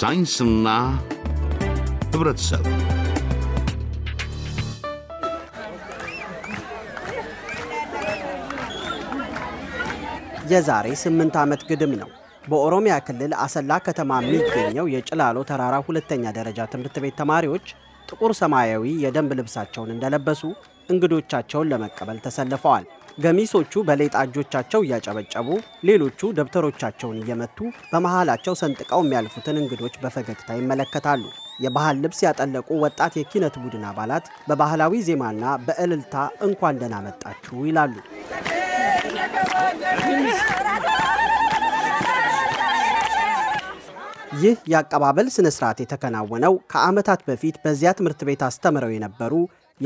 ሳይንስና ህብረተሰብ የዛሬ ስምንት ዓመት ግድም ነው በኦሮሚያ ክልል አሰላ ከተማ የሚገኘው የጭላሎ ተራራ ሁለተኛ ደረጃ ትምህርት ቤት ተማሪዎች ጥቁር ሰማያዊ የደንብ ልብሳቸውን እንደለበሱ እንግዶቻቸውን ለመቀበል ተሰልፈዋል። ገሚሶቹ በሌጣ እጆቻቸው እያጨበጨቡ፣ ሌሎቹ ደብተሮቻቸውን እየመቱ በመሃላቸው ሰንጥቀው የሚያልፉትን እንግዶች በፈገግታ ይመለከታሉ። የባህል ልብስ ያጠለቁ ወጣት የኪነት ቡድን አባላት በባህላዊ ዜማና በእልልታ እንኳን ደህና መጣችሁ ይላሉ። ይህ የአቀባበል ስነ ስርዓት የተከናወነው ከዓመታት በፊት በዚያ ትምህርት ቤት አስተምረው የነበሩ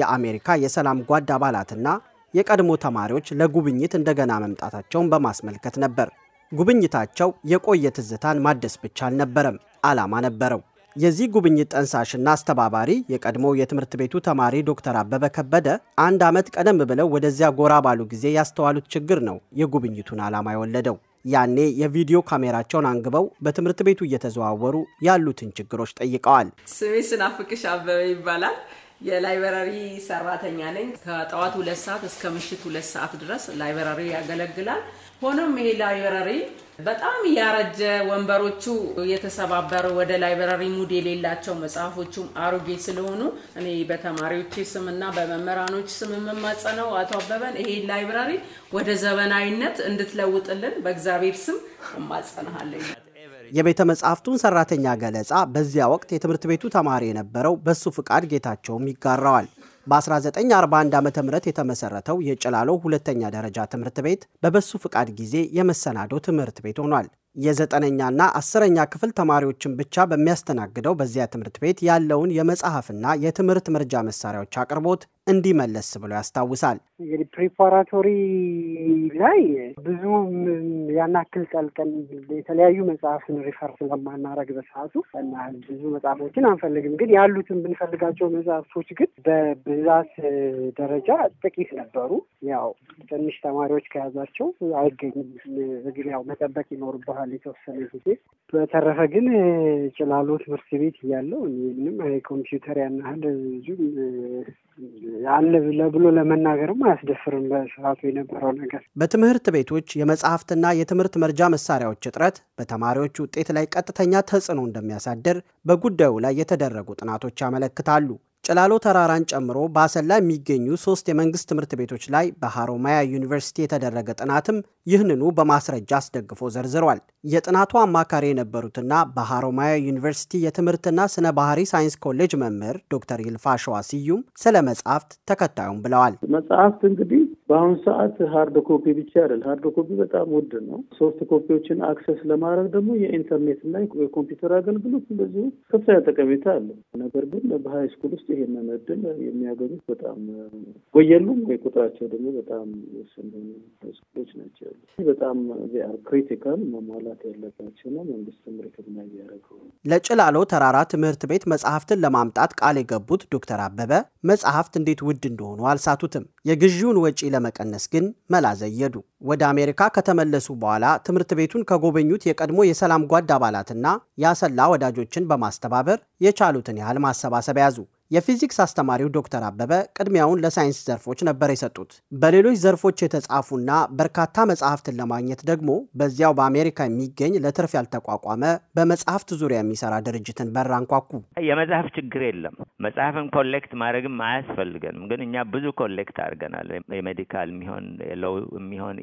የአሜሪካ የሰላም ጓድ አባላትና የቀድሞ ተማሪዎች ለጉብኝት እንደገና መምጣታቸውን በማስመልከት ነበር። ጉብኝታቸው የቆየ ትዝታን ማደስ ብቻ አልነበረም፣ ዓላማ ነበረው። የዚህ ጉብኝት ጠንሳሽና አስተባባሪ የቀድሞው የትምህርት ቤቱ ተማሪ ዶክተር አበበ ከበደ አንድ ዓመት ቀደም ብለው ወደዚያ ጎራ ባሉ ጊዜ ያስተዋሉት ችግር ነው የጉብኝቱን ዓላማ የወለደው። ያኔ የቪዲዮ ካሜራቸውን አንግበው በትምህርት ቤቱ እየተዘዋወሩ ያሉትን ችግሮች ጠይቀዋል። ስሜ ስናፍቅሽ አበበ ይባላል። የላይብራሪ ሰራተኛ ነኝ። ከጠዋት ሁለት ሰዓት እስከ ምሽት ሁለት ሰዓት ድረስ ላይብራሪ ያገለግላል። ሆኖም ይሄ ላይብራሪ በጣም ያረጀ፣ ወንበሮቹ የተሰባበሩ፣ ወደ ላይብራሪ ሙድ የሌላቸው መጽሐፎቹም አሮጌ ስለሆኑ እኔ በተማሪዎች ስም እና በመምህራኖች ስም የምማጸነው አቶ አበበን ይሄ ላይብራሪ ወደ ዘመናዊነት እንድትለውጥልን በእግዚአብሔር ስም እማጸንሃለሁ። የቤተ መጻሕፍቱን ሰራተኛ ገለጻ በዚያ ወቅት የትምህርት ቤቱ ተማሪ የነበረው በሱ ፍቃድ ጌታቸውም ይጋራዋል። በ1941 ዓ ም የተመሰረተው የጭላሎ ሁለተኛ ደረጃ ትምህርት ቤት በበሱ ፍቃድ ጊዜ የመሰናዶ ትምህርት ቤት ሆኗል። የዘጠነኛና አስረኛ ክፍል ተማሪዎችን ብቻ በሚያስተናግደው በዚያ ትምህርት ቤት ያለውን የመጽሐፍና የትምህርት መርጃ መሳሪያዎች አቅርቦት እንዲመለስ ብሎ ያስታውሳል። እንግዲህ ፕሪፓራቶሪ ላይ ብዙ ያናክል ጠልቀን የተለያዩ መጽሐፍን ሪፈር ስለማናረግ በሰዓቱ እና ብዙ መጽሐፎችን አንፈልግም፣ ግን ያሉትን ብንፈልጋቸው መጽሐፍቶች ግን በብዛት ደረጃ ጥቂት ነበሩ። ያው ትንሽ ተማሪዎች ከያዛቸው አይገኝም። ያው መጠበቅ ይኖርብሃል። ተምረሃል የተወሰነ ጊዜ። በተረፈ ግን ጭላሎ ትምህርት ቤት እያለው ምንም ኮምፒውተር ያናህል ያህል ብዙም አለ ብሎ ለመናገርም አያስደፍርም። በስርዓቱ የነበረው ነገር በትምህርት ቤቶች የመጽሐፍትና የትምህርት መርጃ መሳሪያዎች እጥረት በተማሪዎች ውጤት ላይ ቀጥተኛ ተጽዕኖ እንደሚያሳድር በጉዳዩ ላይ የተደረጉ ጥናቶች ያመለክታሉ። ጭላሎ ተራራን ጨምሮ በአሰላ የሚገኙ ሶስት የመንግስት ትምህርት ቤቶች ላይ በሐሮማያ ዩኒቨርሲቲ የተደረገ ጥናትም ይህንኑ በማስረጃ አስደግፎ ዘርዝሯል። የጥናቱ አማካሪ የነበሩትና በሐሮማያ ዩኒቨርሲቲ የትምህርትና ስነ ባህሪ ሳይንስ ኮሌጅ መምህር ዶክተር ይልፋ ሸዋ ስዩም ስለ መጽሐፍት ተከታዩም ብለዋል። መጽሐፍት እንግዲህ በአሁኑ ሰዓት ሀርድ ኮፒ ብቻ አይደል፣ ሀርድ ኮፒ በጣም ውድ ነው። ሶፍት ኮፒዎችን አክሰስ ለማድረግ ደግሞ የኢንተርኔት እና የኮምፒውተር አገልግሎት እንደዚሁ ከፍተኛ ጠቀሜታ አለ። ነገር ግን በሀይ ስኩል ውስጥ ይሄንን እድል የሚያገኙት በጣም ወይ ወይ ቁጥራቸው ደግሞ በጣም ውስን ስኩሎች ናቸው ያሉ። በጣም ክሪቲካል መሟላት ያለባቸው ነው። ምርክት ና እያደረገ ለጭላሎ ተራራ ትምህርት ቤት መጽሐፍትን ለማምጣት ቃል የገቡት ዶክተር አበበ መጽሐፍት እንዴት ውድ እንደሆኑ አልሳቱትም። የግዢውን ወጪ ለመቀነስ ግን መላ ዘየዱ። ወደ አሜሪካ ከተመለሱ በኋላ ትምህርት ቤቱን ከጎበኙት የቀድሞ የሰላም ጓድ አባላትና ያሰላ ወዳጆችን በማስተባበር የቻሉትን ያህል ማሰባሰብ ያዙ። የፊዚክስ አስተማሪው ዶክተር አበበ ቅድሚያውን ለሳይንስ ዘርፎች ነበር የሰጡት። በሌሎች ዘርፎች የተጻፉና በርካታ መጽሐፍትን ለማግኘት ደግሞ በዚያው በአሜሪካ የሚገኝ ለትርፍ ያልተቋቋመ በመጽሐፍት ዙሪያ የሚሰራ ድርጅትን በር አንኳኩ። የመጽሐፍ ችግር የለም። መጽሐፍን ኮሌክት ማድረግም አያስፈልገንም። ግን እኛ ብዙ ኮሌክት አድርገናል። የሜዲካል የሚሆን የለው የሚሆን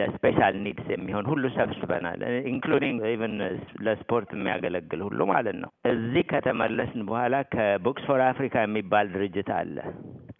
ለስፔሻል ኒድስ የሚሆን ሁሉ ሰብስበናል። ኢንክሉዲንግ ኢቨን ለስፖርት የሚያገለግል ሁሉ ማለት ነው። እዚህ ከተመለስን በኋላ ከቡክስ ፎር አፍሪካ የሚባል ድርጅት አለ።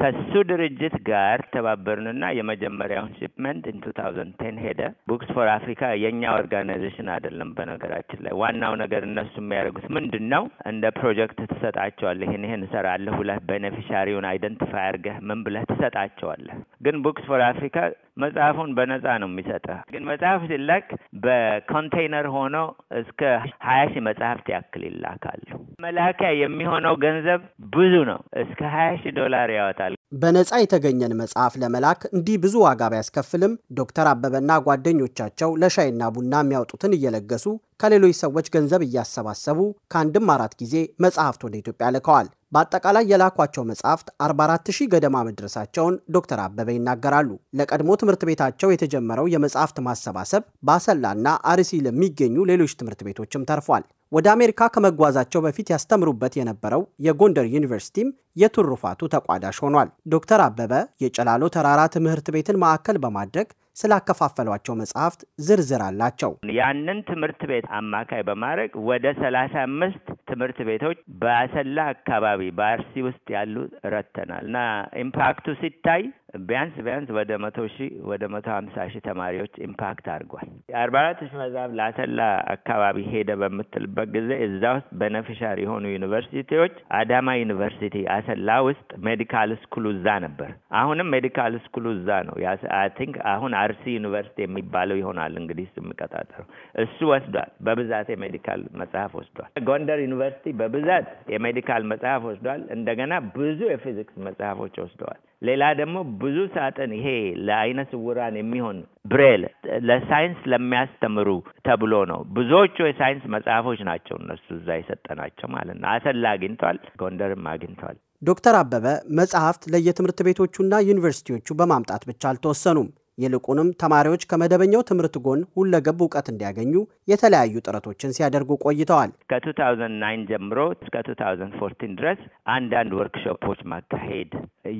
ከሱ ድርጅት ጋር ተባበርንና የመጀመሪያውን ሽፕመንት ኢን ቱ ታውዘንድ ቴን ሄደ። ቡክስ ፎር አፍሪካ የእኛ ኦርጋናይዜሽን አይደለም። በነገራችን ላይ ዋናው ነገር እነሱ የሚያደርጉት ምንድን ነው? እንደ ፕሮጀክት ትሰጣቸዋለህ። ይህን ይህን እሰራለሁ ብለህ ቤኔፊሻሪውን አይደንቲፋይ አድርገህ ምን ብለህ ትሰጣቸዋለህ። ግን ቡክስ ፎር አፍሪካ መጽሐፉን በነጻ ነው የሚሰጥህ። ግን መጽሐፍ ሲላክ በኮንቴይነር ሆኖ እስከ ሀያ ሺህ መጽሐፍት ያክል ይላካሉ። መላኪያ የሚሆነው ገንዘብ ብዙ ነው፣ እስከ ሀያ ሺህ ዶላር ያወጣል። በነጻ የተገኘን መጽሐፍ ለመላክ እንዲህ ብዙ ዋጋ ቢያስከፍልም ዶክተር አበበና ጓደኞቻቸው ለሻይና ቡና የሚያወጡትን እየለገሱ ከሌሎች ሰዎች ገንዘብ እያሰባሰቡ ከአንድም አራት ጊዜ መጽሐፍት ወደ ኢትዮጵያ ልከዋል። በአጠቃላይ የላኳቸው መጽሐፍት 44000 ገደማ መድረሳቸውን ዶክተር አበበ ይናገራሉ። ለቀድሞ ትምህርት ቤታቸው የተጀመረው የመጽሐፍት ማሰባሰብ በአሰላና አርሲ ለሚገኙ ሌሎች ትምህርት ቤቶችም ተርፏል። ወደ አሜሪካ ከመጓዛቸው በፊት ያስተምሩበት የነበረው የጎንደር ዩኒቨርሲቲም የትሩፋቱ ተቋዳሽ ሆኗል። ዶክተር አበበ የጨላሎ ተራራ ትምህርት ቤትን ማዕከል በማድረግ ስላከፋፈሏቸው መጽሐፍት ዝርዝር አላቸው። ያንን ትምህርት ቤት አማካይ በማድረግ ወደ ሰላሳ አምስት ትምህርት ቤቶች በአሰላ አካባቢ በአርሲ ውስጥ ያሉ ረተናል እና ኢምፓክቱ ሲታይ ቢያንስ ቢያንስ ወደ መቶ ሺህ ወደ መቶ ሀምሳ ሺህ ተማሪዎች ኢምፓክት አድርጓል። የአርባ አራት ሺህ መጽሐፍ ላሰላ አካባቢ ሄደ በምትልበት ጊዜ እዛ ውስጥ በነፍሻር የሆኑ ዩኒቨርሲቲዎች አዳማ ዩኒቨርሲቲ አሰላ ውስጥ ሜዲካል ስኩሉ እዛ ነበር። አሁንም ሜዲካል ስኩሉ እዛ ነው። ቲንክ አሁን አርሲ ዩኒቨርሲቲ የሚባለው ይሆናል እንግዲህ እሱ የሚቀጣጠረው እሱ ወስዷል። በብዛት የሜዲካል መጽሐፍ ወስዷል። ጎንደር ዩኒቨርሲቲ በብዛት የሜዲካል መጽሐፍ ወስዷል። እንደገና ብዙ የፊዚክስ መጽሐፎች ወስደዋል። ሌላ ደግሞ ብዙ ሳጥን ይሄ ለአይነ ስውራን የሚሆን ብሬል ለሳይንስ ለሚያስተምሩ ተብሎ ነው። ብዙዎቹ የሳይንስ መጽሐፎች ናቸው እነሱ እዛ የሰጠናቸው ማለት ነው። አሰላ አግኝቷል፣ ጎንደርም አግኝቷል። ዶክተር አበበ መጽሐፍት ለየትምህርት ቤቶቹና ዩኒቨርሲቲዎቹ በማምጣት ብቻ አልተወሰኑም። ይልቁንም ተማሪዎች ከመደበኛው ትምህርት ጎን ሁለገብ እውቀት እንዲያገኙ የተለያዩ ጥረቶችን ሲያደርጉ ቆይተዋል። ከ2009 ጀምሮ እስከ 2014 ድረስ አንዳንድ ወርክሾፖች ማካሄድ፣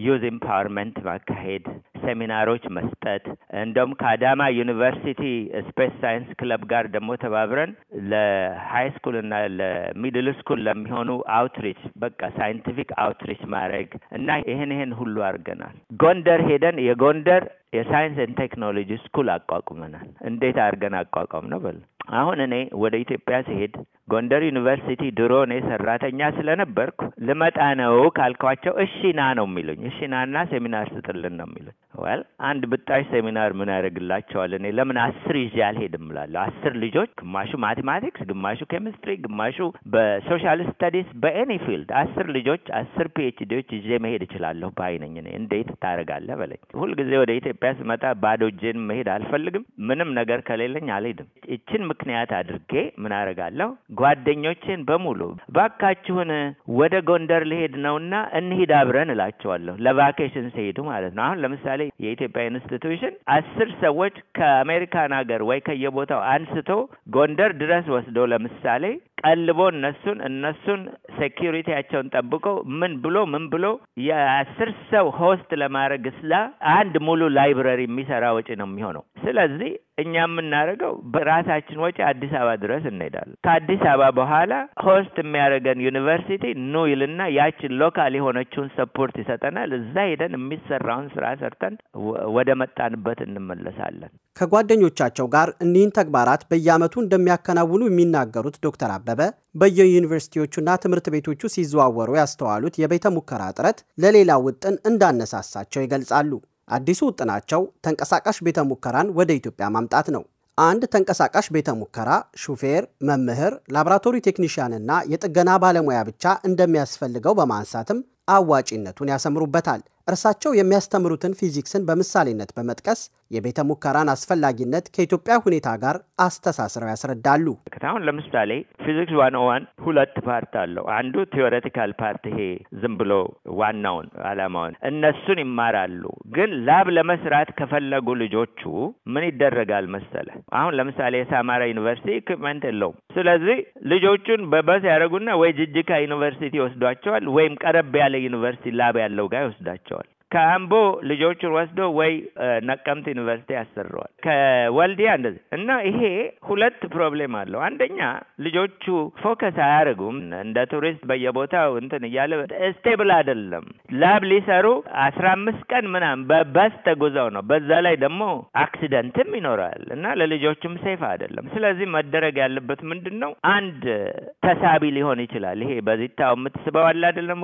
ዩዝ ኢምፓወርመንት ማካሄድ ሴሚናሮች መስጠት እንደውም ከአዳማ ዩኒቨርሲቲ ስፔስ ሳይንስ ክለብ ጋር ደግሞ ተባብረን ለሀይ ስኩል እና ለሚድል ስኩል ለሚሆኑ አውትሪች በቃ ሳይንቲፊክ አውትሪች ማድረግ እና ይህን ይህን ሁሉ አድርገናል። ጎንደር ሄደን የጎንደር የሳይንስን ቴክኖሎጂ ስኩል አቋቁመናል። እንዴት አድርገን አቋቋም ነው በል አሁን እኔ ወደ ኢትዮጵያ ስሄድ ጎንደር ዩኒቨርሲቲ ድሮ እኔ ሰራተኛ ስለነበርኩ ልመጣ ነው ካልኳቸው እሺ ና ነው የሚሉኝ። እሺ ና ሴሚናር ስጥልን ነው የሚሉኝ። ወል አንድ ብጣሽ ሴሚናር ምን ያደርግላቸዋል? እኔ ለምን አስር ይዤ አልሄድም እላለሁ። አስር ልጆች፣ ግማሹ ማቴማቲክስ፣ ግማሹ ኬሚስትሪ፣ ግማሹ በሶሻል ስተዲስ፣ በኤኒ ፊልድ አስር ልጆች አስር ፒኤችዲዎች ይዤ መሄድ እችላለሁ ባይ ነኝ እኔ። እንዴት ታደርጋለህ በለኝ። ሁልጊዜ ወደ ኢትዮጵያ ስመጣ ባዶ እጄን መሄድ አልፈልግም። ምንም ነገር ከሌለኝ አልሄድም። ይችን ምክንያት አድርጌ ምን አረጋለሁ? ጓደኞቼን በሙሉ ባካችሁን ወደ ጎንደር ልሄድ ነውና እንሂድ አብረን እላቸዋለሁ። ለቫኬሽን ሲሄዱ ማለት ነው። አሁን ለምሳሌ የኢትዮጵያ ኢንስቲትዩሽን አስር ሰዎች ከአሜሪካን ሀገር ወይ ከየቦታው አንስቶ ጎንደር ድረስ ወስዶ ለምሳሌ ቀልቦ እነሱን እነሱን ሴኪሪቲያቸውን ጠብቆ ምን ብሎ ምን ብሎ የአስር ሰው ሆስት ለማድረግ ስላ አንድ ሙሉ ላይብረሪ የሚሰራ ወጪ ነው የሚሆነው። ስለዚህ እኛ የምናደርገው በራሳችን ወጪ አዲስ አበባ ድረስ እንሄዳለን። ከአዲስ አበባ በኋላ ሆስት የሚያደርገን ዩኒቨርሲቲ ኑ ይልና ያችን ሎካል የሆነችውን ሰፖርት ይሰጠናል። እዛ ሄደን የሚሰራውን ስራ ሰርተን ወደ መጣንበት እንመለሳለን። ከጓደኞቻቸው ጋር እኒህን ተግባራት በየዓመቱ እንደሚያከናውኑ የሚናገሩት ዶክተር አበበ በየዩኒቨርሲቲዎቹና ትምህርት ቤቶቹ ሲዘዋወሩ ያስተዋሉት የቤተ ሙከራ ጥረት ለሌላ ውጥን እንዳነሳሳቸው ይገልጻሉ። አዲሱ ውጥናቸው ተንቀሳቃሽ ቤተ ሙከራን ወደ ኢትዮጵያ ማምጣት ነው። አንድ ተንቀሳቃሽ ቤተ ሙከራ ሹፌር፣ መምህር፣ ላብራቶሪ ቴክኒሽያንና የጥገና ባለሙያ ብቻ እንደሚያስፈልገው በማንሳትም አዋጪነቱን ያሰምሩበታል። እርሳቸው የሚያስተምሩትን ፊዚክስን በምሳሌነት በመጥቀስ የቤተ ሙከራን አስፈላጊነት ከኢትዮጵያ ሁኔታ ጋር አስተሳስረው ያስረዳሉ። አሁን ለምሳሌ ፊዚክስ ዋን ዋን ሁለት ፓርት አለው። አንዱ ቴዎሬቲካል ፓርት ይሄ ዝም ብሎ ዋናውን አላማውን እነሱን ይማራሉ። ግን ላብ ለመስራት ከፈለጉ ልጆቹ ምን ይደረጋል መሰለ? አሁን ለምሳሌ የሳማራ ዩኒቨርሲቲ ኢኩፕመንት የለውም። ስለዚህ ልጆቹን በበስ ያደረጉና ወይ ጅጅካ ዩኒቨርሲቲ ይወስዷቸዋል፣ ወይም ቀረብ ያለ ዩኒቨርሲቲ ላብ ያለው ጋር ይወስዳቸዋል። ከአምቦ ልጆቹን ወስዶ ወይ ነቀምት ዩኒቨርሲቲ ያሰረዋል፣ ከወልዲያ እንደዚህ እና ይሄ ሁለት ፕሮብሌም አለው። አንደኛ ልጆቹ ፎከስ አያደርጉም። እንደ ቱሪስት በየቦታው እንትን እያለ ስቴብል አይደለም። ላብ ሊሰሩ አስራ አምስት ቀን ምናምን በበስ ተጉዘው ነው። በዛ ላይ ደግሞ አክሲደንትም ይኖራል እና ለልጆቹም ሴፍ አይደለም። ስለዚህ መደረግ ያለበት ምንድን ነው? አንድ ተሳቢ ሊሆን ይችላል። ይሄ በዚታው የምትስበው አለ አይደለም፣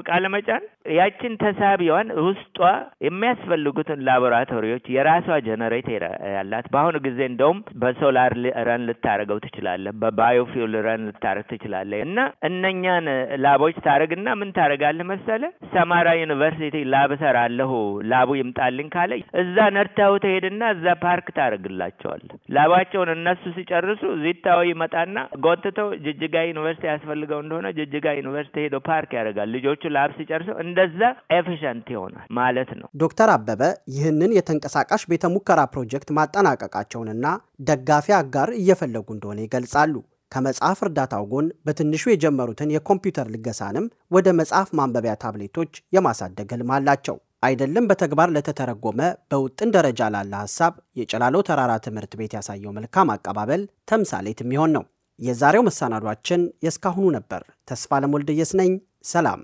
ያችን ተሳቢዋን ውስጧ የሚያስፈልጉትን ላቦራቶሪዎች የራሷ ጀነሬተር ያላት በአሁኑ ጊዜ እንደውም በሶላር ረን ልታደረገው ትችላለህ፣ በባዮፊውል ረን ልታደረግ ትችላለህ። እና እነኛን ላቦች ታደርግና ምን ታደርጋለህ መሰለ ሰማራ ዩኒቨርሲቲ ላብ እሰራለሁ ላቡ ይምጣልኝ ካለ እዛ ነድተኸው ትሄድና እዛ ፓርክ ታደረግላቸዋል። ላባቸውን እነሱ ሲጨርሱ ዚታው ይመጣና ጎትተው ጅጅጋ ዩኒቨርሲቲ ያስፈልገው እንደሆነ ጅጅጋ ዩኒቨርሲቲ ሄዶ ፓርክ ያደርጋል። ልጆቹ ላብ ሲጨርሰው እንደዛ ኤፊሽንት ይሆናል ማለት ማለት ነው። ዶክተር አበበ ይህንን የተንቀሳቃሽ ቤተ ሙከራ ፕሮጀክት ማጠናቀቃቸውንና ደጋፊ አጋር እየፈለጉ እንደሆነ ይገልጻሉ። ከመጽሐፍ እርዳታው ጎን በትንሹ የጀመሩትን የኮምፒውተር ልገሳንም ወደ መጽሐፍ ማንበቢያ ታብሌቶች የማሳደግ ህልም አላቸው። አይደለም በተግባር ለተተረጎመ በውጥን ደረጃ ላለ ሀሳብ የጨላሎ ተራራ ትምህርት ቤት ያሳየው መልካም አቀባበል ተምሳሌት የሚሆን ነው። የዛሬው መሰናዷችን የእስካሁኑ ነበር። ተስፋ ለሞልደየስ ነኝ። ሰላም።